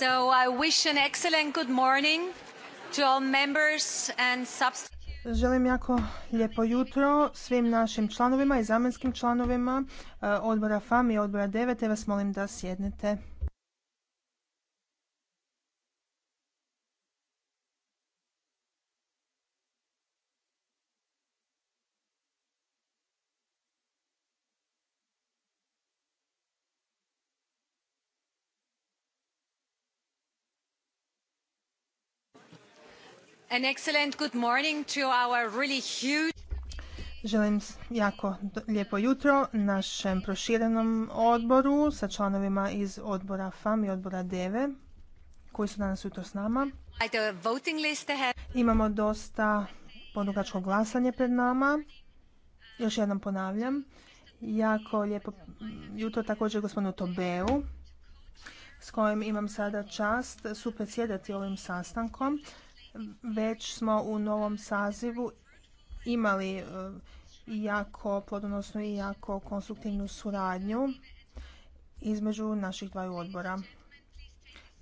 So I wish an excellent good morning to all members and Želim jako lijepo jutro svim našim članovima i zamjenskim članovima eh, odbora FAM i odbora 9. Te vas molim da sjednete. Želim jako lijepo jutro našem proširenom odboru sa članovima iz odbora FAM i odbora DEVE koji su danas jutro s nama. Imamo dosta podugačko glasanje pred nama. Još jednom ponavljam. Jako lijepo jutro također gospodinu Tobeu s kojim imam sada čast supredsjedati ovim sastankom. Već smo u novom sazivu imali e, jako plodonosnu i jako konstruktivnu suradnju između naših dvaju odbora.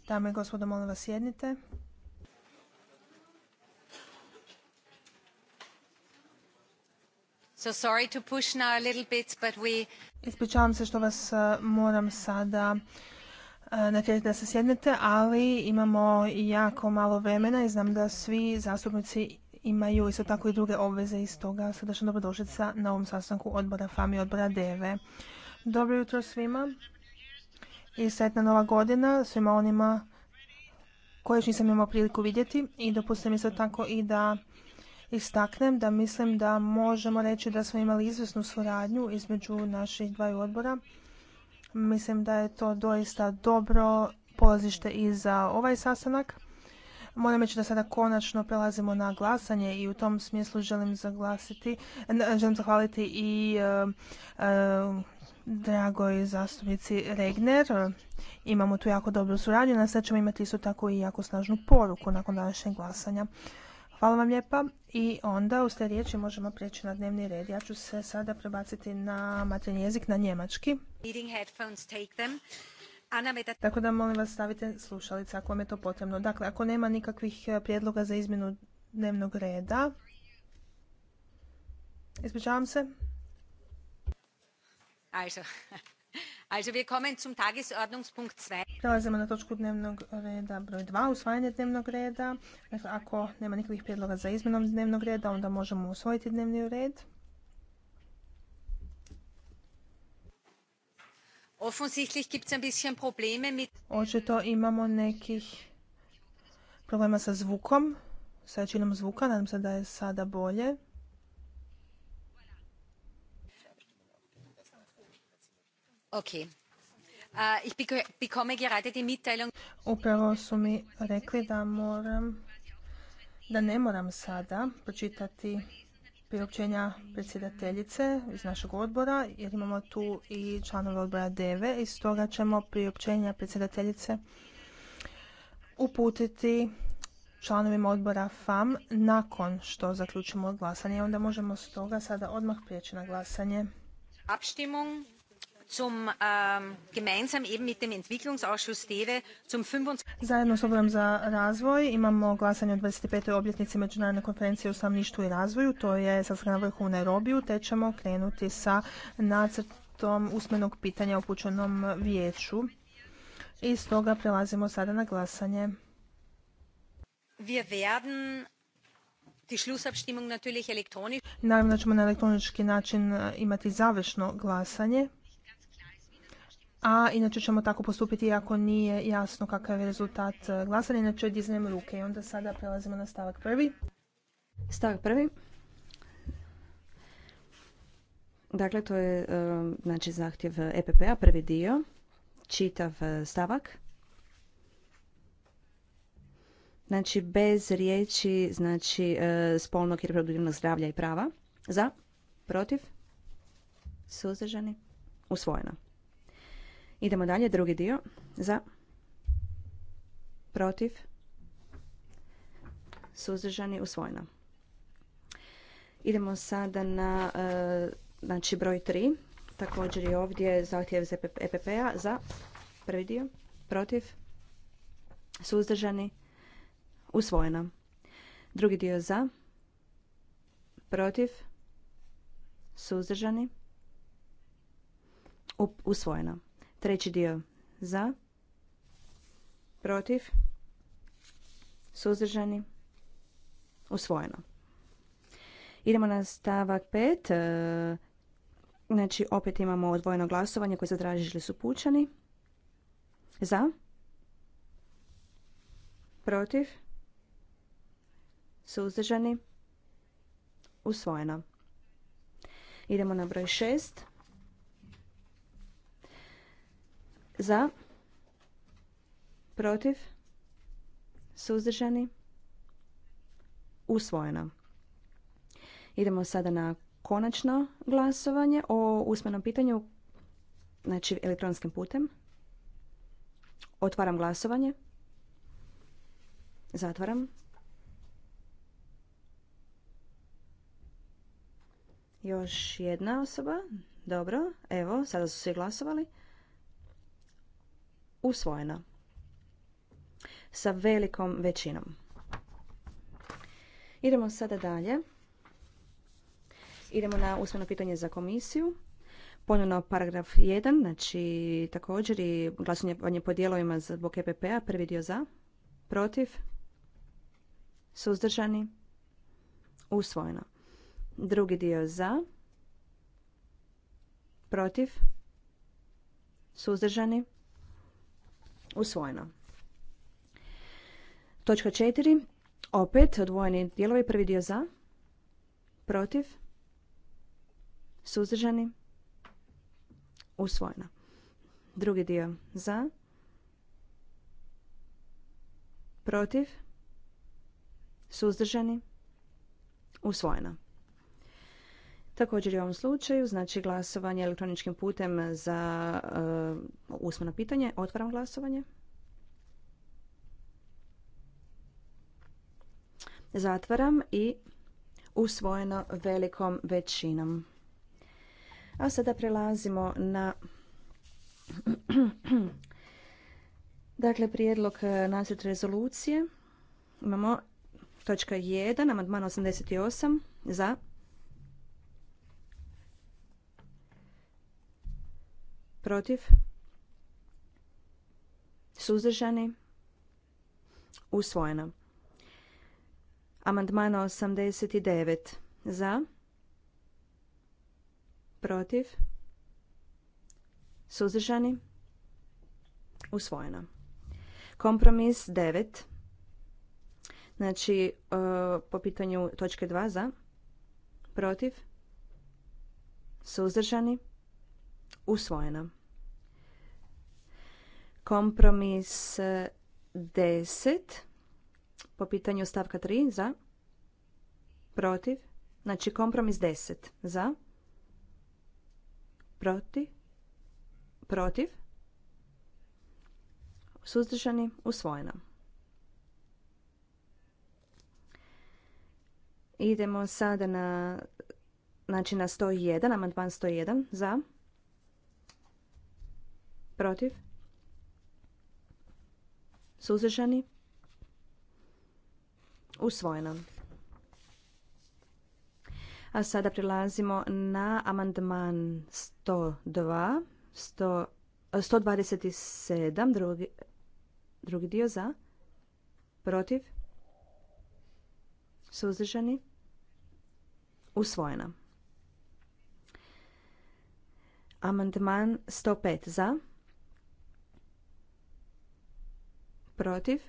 Dame i gospodo, molim vas sjednite. So sorry to push now a little bit, but we... Ispričavam se što vas e, moram sada Eh, na da se sjednete, ali imamo jako malo vremena i znam da svi zastupnici imaju isto tako i druge obveze iz toga. dobro dobrodošlica na ovom sastanku odbora FAMI i odbora DEVE. Dobro jutro svima i sretna nova godina svima onima koje još nisam imao priliku vidjeti i dopustim isto tako i da istaknem da mislim da možemo reći da smo imali izvrsnu suradnju između naših dvaju odbora Mislim da je to doista dobro polazište i za ovaj sastanak. Moram reći da sada konačno prelazimo na glasanje i u tom smislu želim zaglasiti, želim zahvaliti i e, e, dragoj zastupnici Regner. Imamo tu jako dobru suradnju, na sve ćemo imati isto tako i jako snažnu poruku nakon današnjeg glasanja. Hvala vam lijepa. I onda u te riječi možemo prijeći na dnevni red. Ja ću se sada prebaciti na materni jezik, na njemački. Tako da molim vas stavite slušalice ako vam je to potrebno. Dakle, ako nema nikakvih e, prijedloga za izmjenu dnevnog reda... Ispričavam se. Also wir kommen zum Tagesordnungspunkt 2. Prelazimo na točku dnevnog reda broj 2, usvajanje dnevnog reda. Dakle, ako nema nikakvih prijedloga za izmenom dnevnog reda, onda možemo usvojiti dnevni red. Offensichtlich gibt's ein bisschen Probleme mit... Očito imamo nekih problema sa zvukom, sa činom zvuka, nadam se da je sada bolje. Upravo su mi rekli da moram, da ne moram sada pročitati priopćenja predsjedateljice iz našeg odbora, jer imamo tu i članove odbora DEVE i stoga ćemo priopćenja predsjedateljice uputiti članovima odbora FAM nakon što zaključimo glasanje. Onda možemo stoga sada odmah prijeći na glasanje. Abstimmung. Ähm, Zajedno s Odborom za razvoj imamo glasanje o 25. obljetnici Međunarodne konferencije o stanovništvu i razvoju. To je sastanak na vrhu u Nairobiju, te ćemo krenuti sa nacrtom usmenog pitanja upućenom vijeću. I stoga prelazimo sada na glasanje. Wir Naravno da ćemo na elektronički način e, imati završno glasanje a inače ćemo tako postupiti ako nije jasno kakav je rezultat e, glasanja, inače odiznem ruke i onda sada prelazimo na stavak prvi. Stavak prvi. Dakle, to je e, znači, zahtjev EPP-a, prvi dio, čitav e, stavak. Znači, bez riječi, znači, spolnog i reproduktivnog zdravlja i prava. Za, protiv, suzdržani, usvojeno. Idemo dalje, drugi dio. Za. Protiv. Suzdržani, usvojeno. Idemo sada na e, znači broj 3. Također je ovdje zahtjev za EPP-a e za prvi dio, protiv, suzdržani, usvojeno. Drugi dio za, protiv, suzdržani, usvojeno. Treći dio za, protiv, suzdržani, usvojeno. Idemo na stavak 5. E, znači, opet imamo odvojeno glasovanje koje zatražili su pučani. Za, protiv, suzdržani, usvojeno. Idemo na broj šest. za protiv suzdržani usvojeno idemo sada na konačno glasovanje o usmenom pitanju znači elektronskim putem otvaram glasovanje zatvaram još jedna osoba dobro evo sada su svi glasovali usvojena sa velikom većinom. Idemo sada dalje. Idemo na usmeno pitanje za komisiju. Ponovno paragraf 1, znači također i glasovanje po dijelovima zbog EPP-a. Prvi dio za, protiv, suzdržani, usvojeno. Drugi dio za, protiv, suzdržani, Usvojeno. Točka 4. Opet odvojeni dijelovi. Prvi dio za. Protiv. Suzdržani. Usvojeno. Drugi dio za. Protiv. Suzdržani. Usvojeno. Također i u ovom slučaju, znači glasovanje elektroničkim putem za uh, usmeno pitanje. Otvaram glasovanje. Zatvaram i usvojeno velikom većinom. A sada prelazimo na dakle, prijedlog e, nacrt rezolucije. Imamo točka 1, amandman 88 za protiv, suzdržani, usvojeno. Amandman 89 za, protiv, suzdržani, usvojena. Kompromis 9, znači e, po pitanju točke 2 za, protiv, suzdržani, usvojena. Kompromis 10 e, po pitanju stavka 3 za. Protiv. Znači kompromis 10 za. Protiv. Protiv. Suzdržani. Usvojeno. Idemo sada na znači na 101, amandman 101 za. Protiv. Suzdržani? Usvojeno. A sada prilazimo na amandman 102, 100, 127, drugi, drugi dio za, protiv, suzdržani, usvojena. Amandman 105 za, protiv,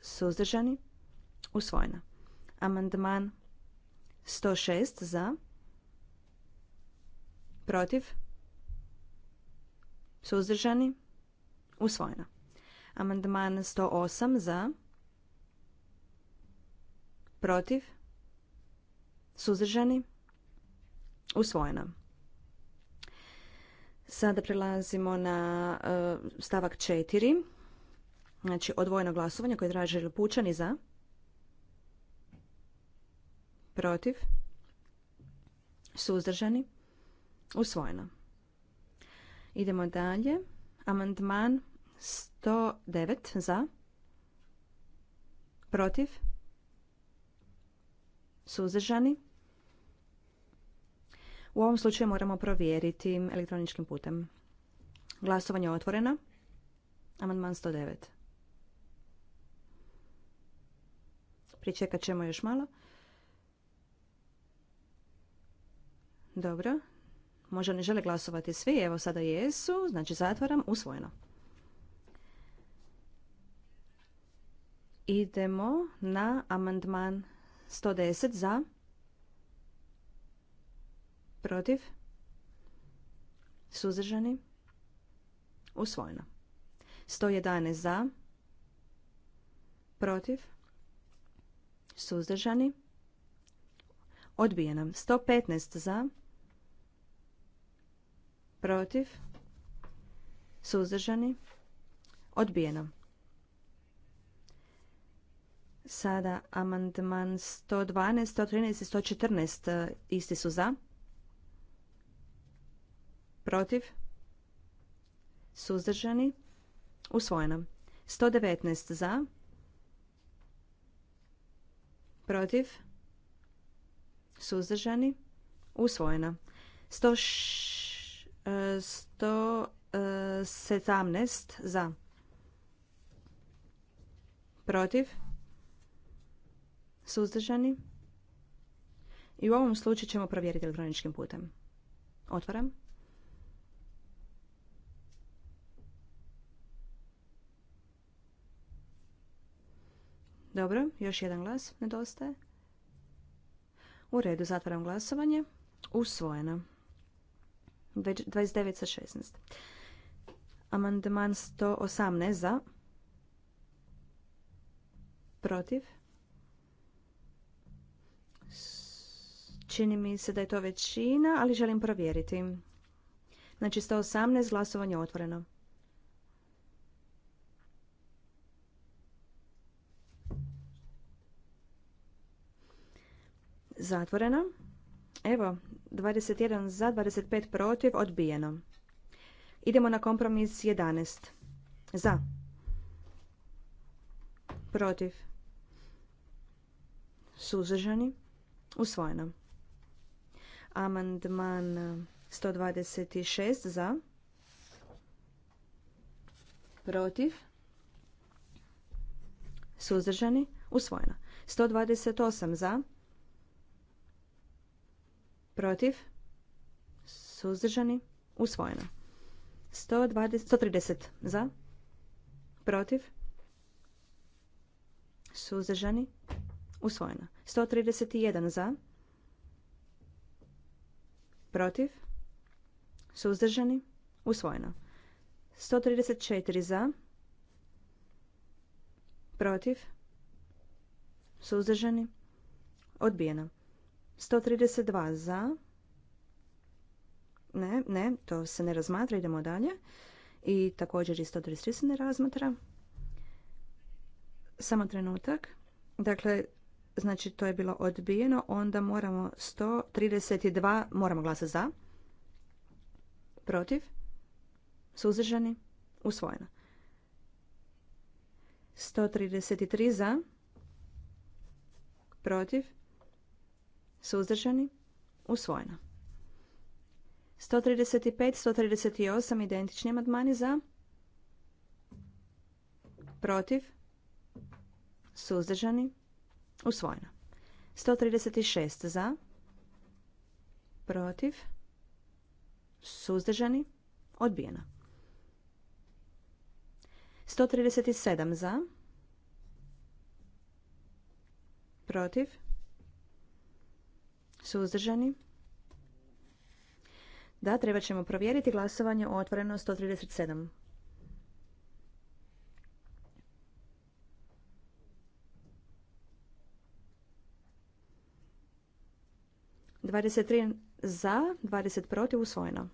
suzdržani, usvojena. Amandman 106 za, protiv, suzdržani, usvojena. Amandman 108 za, protiv, suzdržani, usvojena. Sada prelazimo na e, stavak 4. Znači odvojeno glasovanje koje traže pučani za. Protiv. Suzdržani. Usvojeno. Idemo dalje. Amandman 109 za. Protiv. Suzdržani. U ovom slučaju moramo provjeriti elektroničkim putem. Glasovanje je otvoreno. Amandman 109. Pričekat ćemo još malo. Dobro. Možda ne žele glasovati svi. Evo sada jesu. Znači zatvaram. Usvojeno. Idemo na amandman 110 za protiv, suzdržani, usvojeno. 111 za, protiv, suzdržani, odbijeno. 115 za, protiv, suzdržani, odbijeno. Sada amandman 112, 113 i 114 eh, isti su za protiv, suzdržani, usvojeno. 119 za, protiv, suzdržani, usvojeno. 117 e, e, za, protiv, suzdržani. I u ovom slučaju ćemo provjeriti elektroničkim putem. Otvaram. Dobro, još jedan glas nedostaje. U redu, zatvaram glasovanje. Usvojeno. 29 sa 16. Amandman 118 za. Protiv. Čini mi se da je to većina, ali želim provjeriti. Znači 118 glasovanje otvoreno. Zatvorena. Evo, 21 za, 25 protiv, odbijeno. Idemo na kompromis 11. Za. Protiv. Suzržani. Usvojeno. Amandman 126 za. Protiv. Suzržani. Usvojeno. 128 za protiv, suzdržani, usvojeno. 120, 130 za, protiv, suzdržani, usvojeno. 131 za, protiv, suzdržani, usvojeno. 134 za, protiv, suzdržani, odbijeno. 132 za. Ne, ne, to se ne razmatra, idemo dalje. I također i 133 se ne razmatra. Samo trenutak. Dakle, znači to je bilo odbijeno, onda moramo 132, moramo glasati za. Protiv. Suzdržani. Usvojeno. 133 za. Protiv. Suzdržani? Usvojeno. 135, 138 identični amandmani za. Protiv? Suzdržani? Usvojeno. 136 za. Protiv? Suzdržani? Odbijeno. 137 za. Protiv? Suzdržani? Da, treba ćemo provjeriti glasovanje o otvoreno 137. Dvadeset tri za, 20 protiv, usvojeno.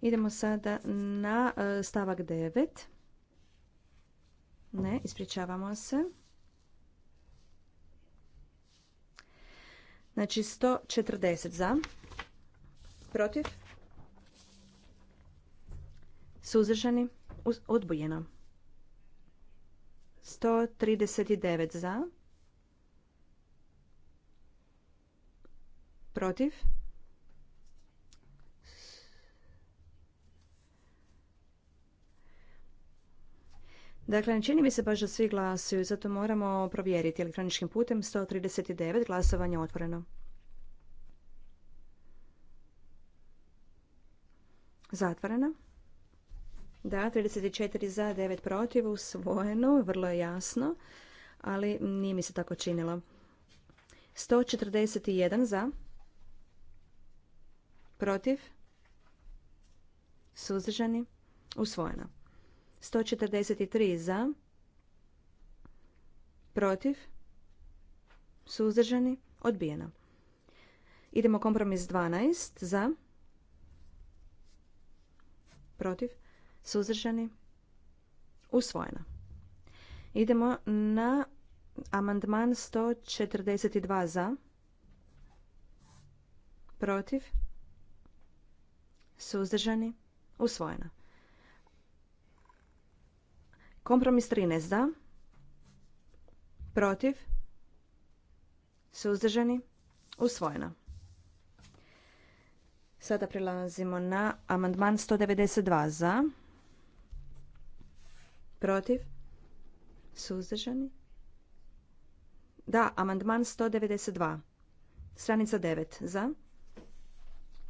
Idemo sada na e, stavak 9. Ne, ispričavamo se. Znači 140 za, protiv, suzdržani, odbojeno. 139 za, protiv, Dakle, ne čini mi se baš da svi glasuju, zato moramo provjeriti elektroničkim putem 139 glasovanja otvoreno. Zatvoreno. Da, 34 za, 9 protiv, usvojeno, vrlo je jasno, ali nije mi se tako činilo. 141 za, protiv, suzdržani, usvojeno. 143 za, protiv, suzdržani, odbijeno. Idemo kompromis 12 za, protiv, suzdržani, usvojeno. Idemo na amandman 142 za, protiv, suzdržani, usvojeno. Kompromis 13 za. Protiv. Suzdržani. Usvojeno. Sada prilazimo na amandman 192 za. Protiv. Suzdržani. Da, amandman 192. Stranica 9 za.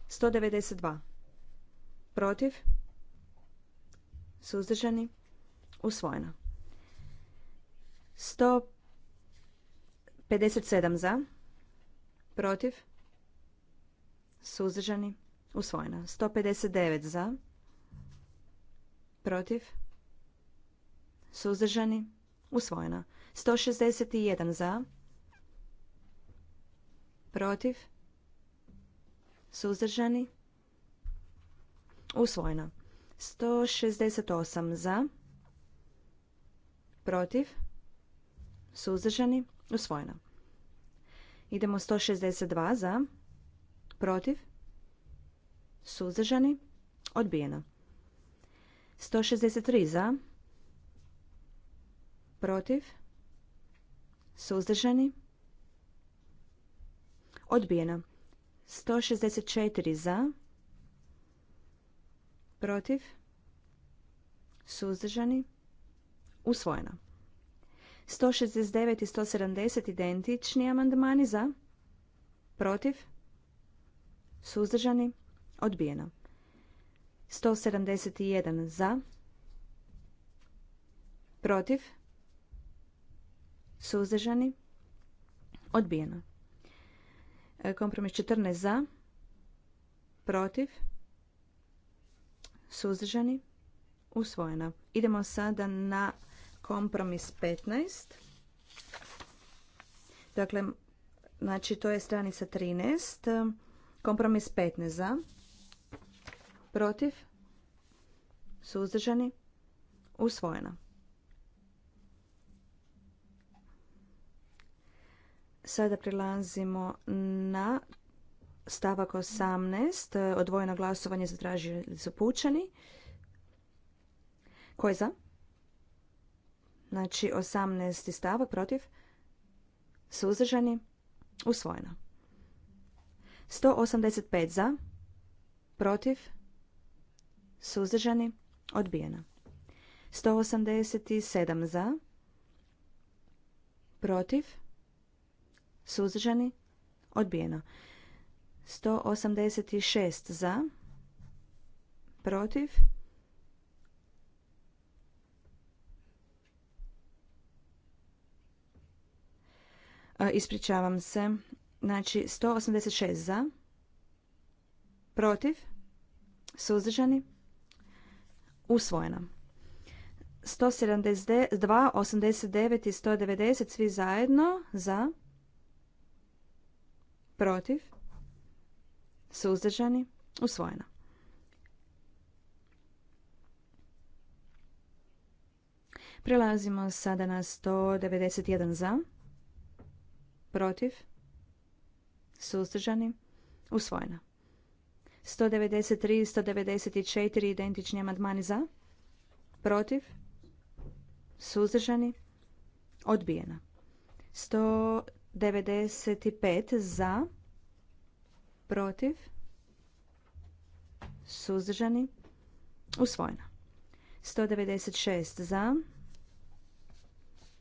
192. Protiv. Suzdržani usvojeno. 157 za, protiv, suzdržani, Usvojena. 159 za, protiv, suzdržani, Usvojena. 161 za, protiv, suzdržani, Usvojena. 168 za, protiv, protiv, suzdržani, usvojeno. Idemo 162 za, protiv, suzdržani, odbijeno. 163 za, protiv, suzdržani, odbijeno. 164 za, protiv, suzdržani, usvojeno. 169 i 170 identični amandmani za, protiv, suzdržani, odbijeno. 171 za, protiv, suzdržani, odbijeno. E, kompromis 14 za, protiv, suzdržani, usvojeno. Idemo sada na kompromis 15. Dakle, znači to je stranica 13. Kompromis 15 za. Protiv. Suzdržani. usvojena. Sada prilazimo na stavak 18. Odvojeno glasovanje zatražili su pučani. Ko je za? Znači 18. stavak protiv, suzdržani, usvojeno. 185 za, protiv, suzdržani, odbijeno. 187 za, protiv, suzdržani, odbijeno. 186 za, protiv, Ispričavam se. Znači, 186 za. Protiv. Suzdržani. Usvojena. 172, 89 i 190 svi zajedno za. Protiv. Suzdržani. Usvojena. Prelazimo sada na 191 za protiv, suzdržani, Usvojena. 193 i 194 identični amandmani za, protiv, suzdržani, Odbijena. 195 za, protiv, suzdržani, Usvojena. 196 za,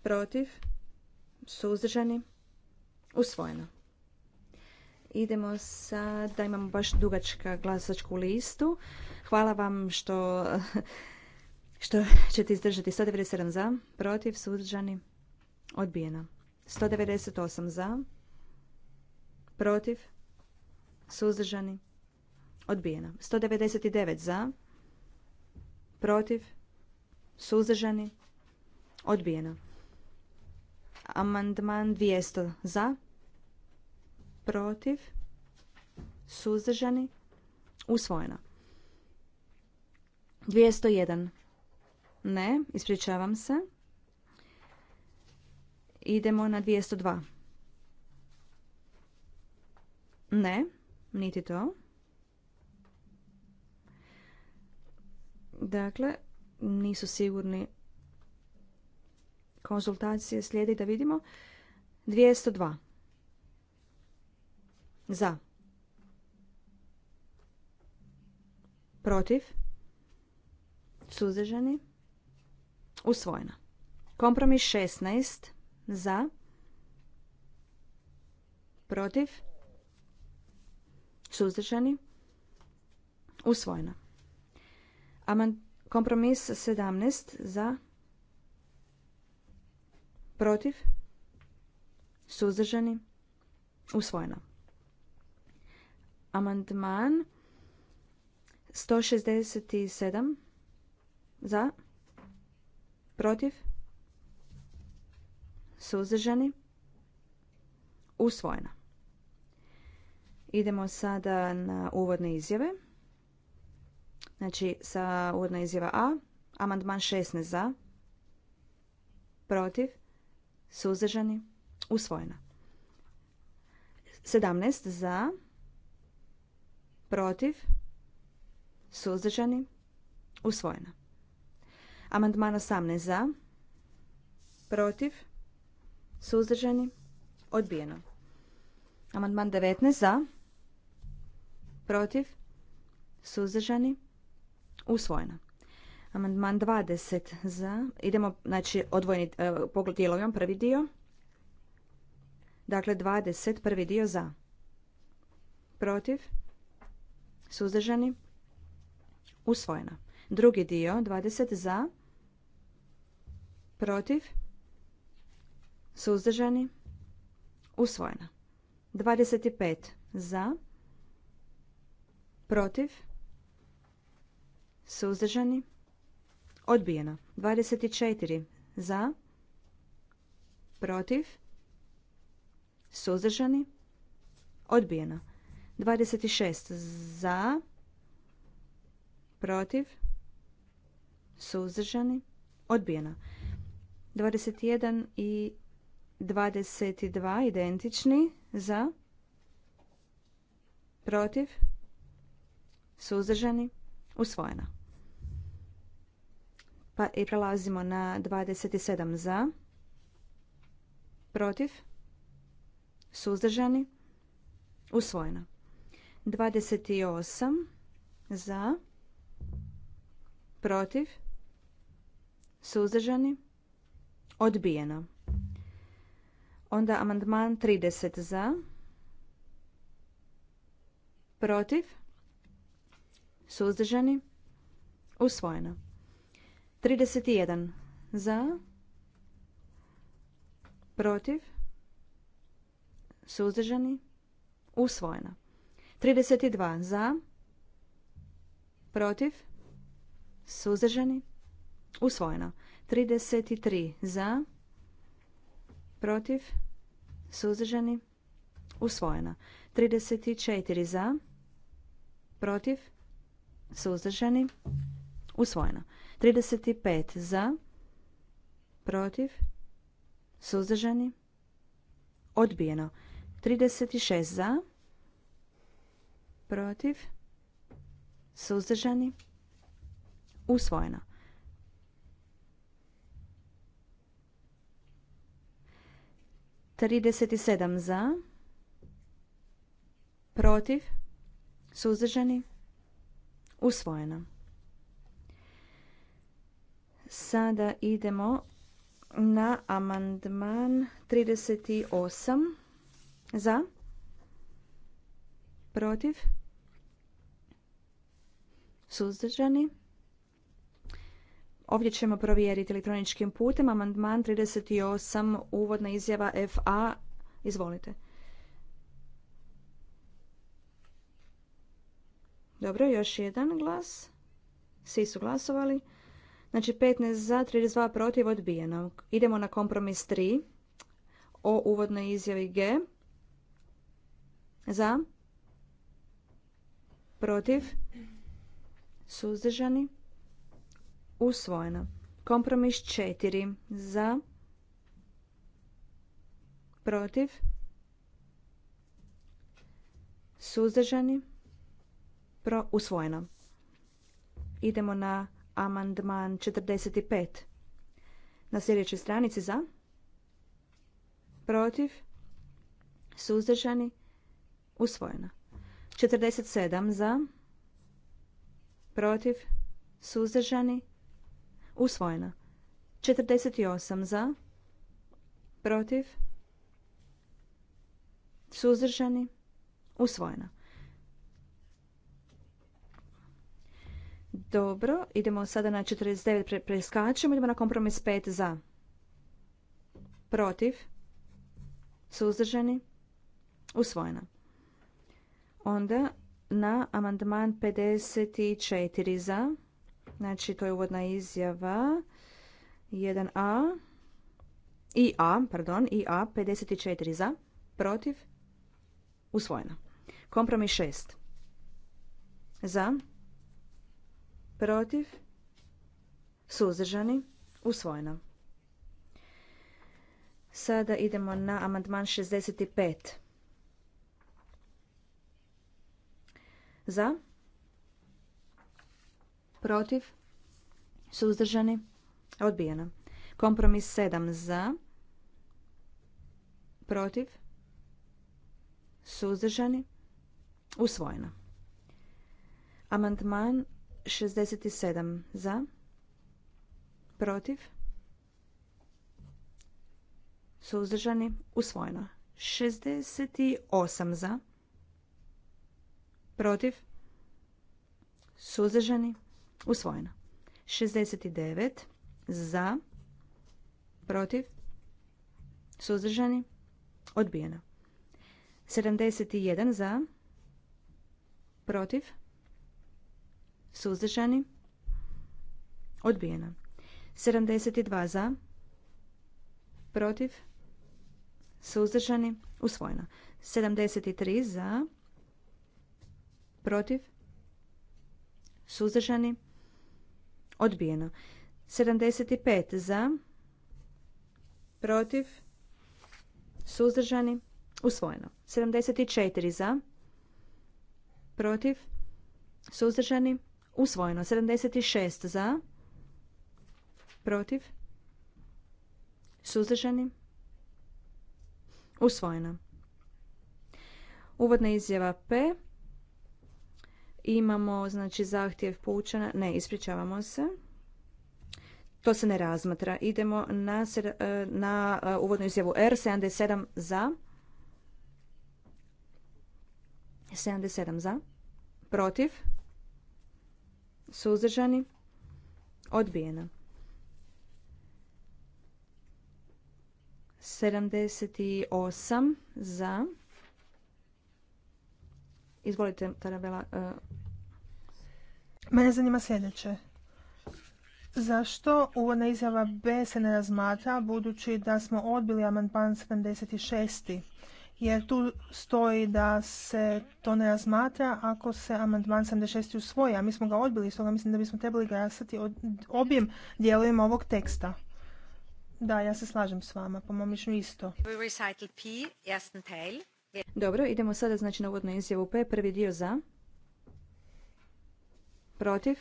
protiv, suzdržani, Usvojeno. Idemo da imamo baš dugačka glasačku listu. Hvala vam što, što ćete izdržati. 197 za, protiv, suzdržani, odbijeno. 198 za, protiv, suzdržani, odbijeno. 199 za, protiv, suzdržani, odbijeno. Amandman 200 za, protiv, suzdržani, usvojena. 201. Ne, ispričavam se. Idemo na 202. Ne, niti to. Dakle, nisu sigurni konzultacije slijedi da vidimo. 202. Za. Protiv. Suzdržani. Usvojena. Kompromis 16. Za. Protiv. Suzdržani. Usvojena. Kompromis 17. Za. Protiv. Suzdržani. Usvojena. Amandman 167 za, protiv, suzdržani, usvojena. Idemo sada na uvodne izjave. Znači sa uvodna izjava A, amandman 16 za, protiv, suzdržani, usvojena. 17 za, protiv, suzdržani, usvojena. Amandman 18 za, protiv, suzdržani, odbijeno. Amandman 19 za, protiv, suzdržani, usvojeno. Amandman 20 za, idemo, znači, odvojeni e, pogled prvi dio. Dakle, 20, prvi dio za, protiv, suzdržani, usvojeno. Drugi dio, 20 za, protiv, suzdržani, usvojeno. 25 za, protiv, suzdržani, odbijeno. 24 za, protiv, suzdržani, odbijeno. 26 za, protiv, suzdržani, odbijeno. 21 i 22 identični za, protiv, suzdržani, usvojeno. Pa i prelazimo na 27 za, protiv, suzdržani, usvojeno. 28 za, protiv, suzdržani, odbijeno. Onda amandman 30 za, protiv, suzdržani, usvojeno. 31 za, protiv, suzdržani, usvojeno. 32 za, protiv, suzdržani, usvojeno. 33 za, protiv, suzdržani, usvojeno. 34 za, protiv, suzdržani, usvojeno. 35 za, protiv, suzdržani, odbijeno. 36 za, protiv, suzdržani, usvojeno. Trideset sedam za, protiv, suzdržani, usvojeno. Sada idemo na amandman 38 za protiv Suzdržani? Ovdje ćemo provjeriti elektroničkim putem. Amandman 38, uvodna izjava FA. Izvolite. Dobro, još jedan glas. Svi su glasovali. Znači 15 za, 32 protiv, odbijeno. Idemo na kompromis 3 o uvodnoj izjavi G. Za, protiv, suzdržani, usvojeno. Kompromis četiri. za, protiv, suzdržani, pro, usvojeno. Idemo na amandman 45. Na sljedećoj stranici za, protiv, suzdržani, usvojeno. 47 za, protiv, suzdržani, usvojena. 48 za, protiv, suzdržani, usvojena. Dobro, idemo sada na 49, preskačemo, idemo na kompromis 5 za, protiv, suzdržani, usvojena. Onda na amandman 54 za. Znači to je uvodna izjava 1a i a, pardon, i a 54 za, protiv, usvojeno. Kompromis 6 za, protiv, suzdržani, usvojeno. Sada idemo na amandman 65 Za? Protiv? Suzdržani? Odbijeno. Kompromis 7 za. Protiv? Suzdržani? Usvojeno. Amandman 67 za. Protiv? Suzdržani? Usvojeno. 68 za protiv, suzdržani, usvojeno. 69 za, protiv, suzdržani, odbijeno. 71 za, protiv, suzdržani, odbijeno. 72 za, protiv, suzdržani, usvojeno. 73 za, protiv, suzdržani, odbijeno. 75 za, protiv, suzdržani, usvojeno. 74 za, protiv, suzdržani, usvojeno. 76 za, protiv, suzdržani, usvojeno. Uvodna izjava P Imamo znači zahtjev poučena. ne, ispričavamo se. To se ne razmatra. Idemo na, e, na e, uvodnu izjavu R, 77 za. 77 za. Protiv. Suzdržani. Odbijena. 78 za. Izvolite, Tarabela. E. Mene zanima sljedeće. Zašto uvodna izjava B se ne razmatra budući da smo odbili amandman 76. Jer tu stoji da se to ne razmatra ako se amandman 76. usvoji, a mi smo ga odbili, stoga mislim da bismo trebali glasati o objem dijelovima ovog teksta. Da, ja se slažem s vama, po mom isto. Recital P, dobro, idemo sada znači na uvodnu izjavu P. Prvi dio za. Protiv.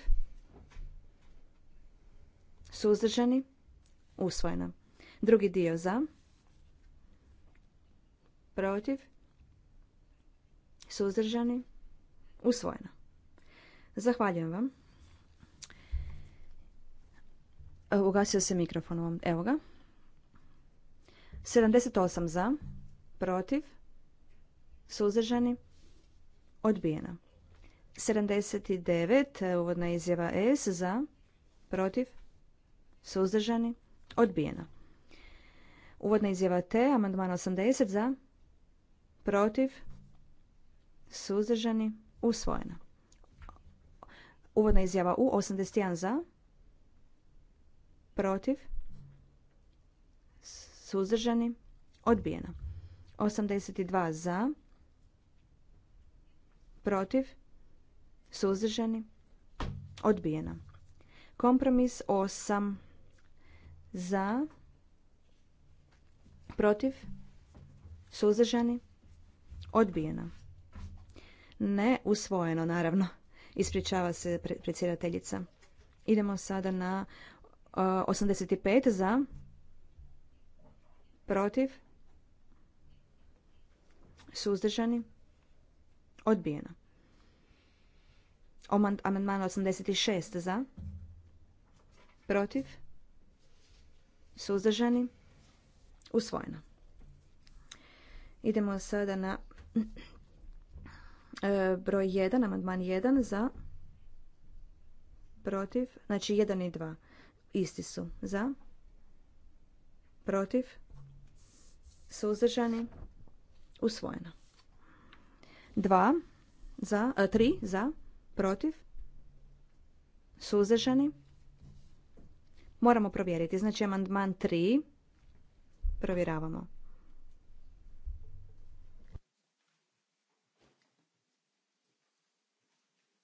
Suzdržani. Usvojena. Drugi dio za. Protiv. Suzdržani. Usvojena. Zahvaljujem vam. Ugasio se mikrofon vam. Evo ga. 78 za. Protiv. Suzdržani? Odbijeno. 79. E, uvodna izjava S. Za? Protiv? Suzdržani? Odbijeno. Uvodna izjava T. Amandman 80. Za? Protiv? Suzdržani? usvojena. Uvodna izjava U. 81. Za? Protiv? Suzdržani? Odbijeno. 82 za, protiv, suzdržani, odbijeno. Kompromis 8 za, protiv, suzdržani, odbijeno. Ne usvojeno, naravno. Ispričava se predsjedateljica. Idemo sada na 85 e, za, protiv, suzdržani, Odbijeno. Amandman 86 za. Protiv. Suzdržani. Usvojeno. Idemo sada na e, broj 1, amandman 1 za. Protiv. Znači 1 i 2. Isti su. Za. Protiv. Suzdržani. Usvojena. Dva za, a, e, tri za, protiv, suzdržani. Moramo provjeriti. Znači amandman tri, provjeravamo.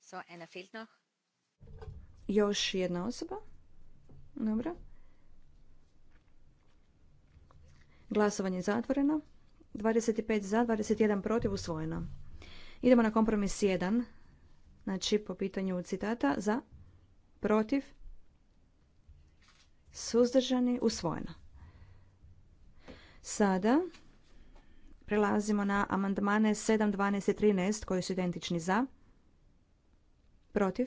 So, fehlt noch. Još jedna osoba. Dobro. Glasovanje zatvoreno. 25 za, 21 protiv, usvojeno. Idemo na kompromis 1. Znači, po pitanju citata za, protiv, suzdržani, usvojeno. Sada prelazimo na amandmane 7, 12 i 13 koji su identični za, protiv,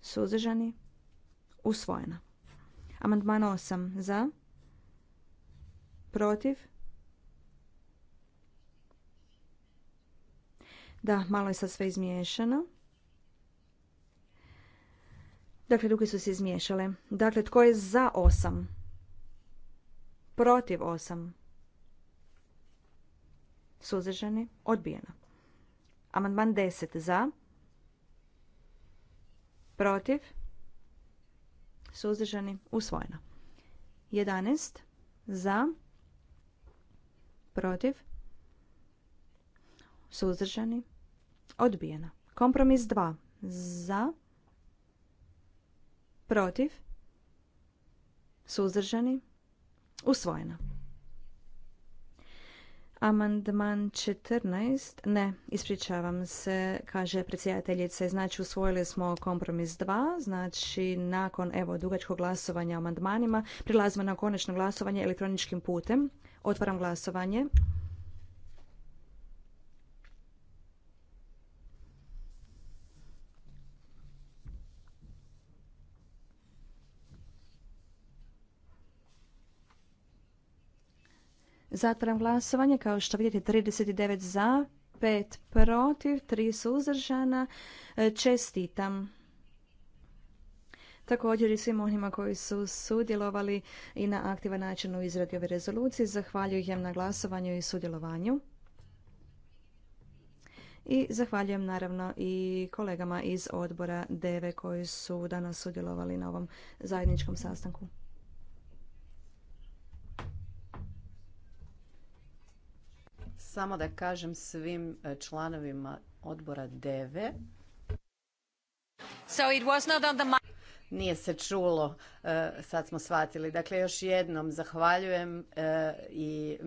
suzdržani, usvojeno. Amandman 8 za, protiv, Da, malo je sad sve izmiješano. Dakle, ruke su se izmiješale. Dakle, tko je za osam? Protiv osam? Suzdržani? Odbijeno. Amandman deset. za. Protiv? Suzdržani? Usvojeno. 11 za. Protiv? Suzdržani? Odbijeno. Kompromis 2. Za. Protiv. Suzdržani. Usvojena. Amandman 14, ne, ispričavam se, kaže predsjedateljice, znači usvojili smo kompromis 2, znači nakon evo dugačkog glasovanja o amandmanima, prilazimo na konačno glasovanje elektroničkim putem. Otvaram glasovanje. Zatvaram glasovanje. Kao što vidite 39 za, 5 protiv, 3 suzdržana. E, čestitam. Također i svim onima koji su sudjelovali i na aktivan način u izradi ove rezolucije. Zahvaljujem na glasovanju i sudjelovanju. I zahvaljujem naravno i kolegama iz odbora DEVE koji su danas sudjelovali na ovom zajedničkom sastanku. samo da kažem svim e, članovima odbora DEVE. So it was not on Nije se čulo, e, sad smo shvatili. Dakle, još jednom zahvaljujem e, i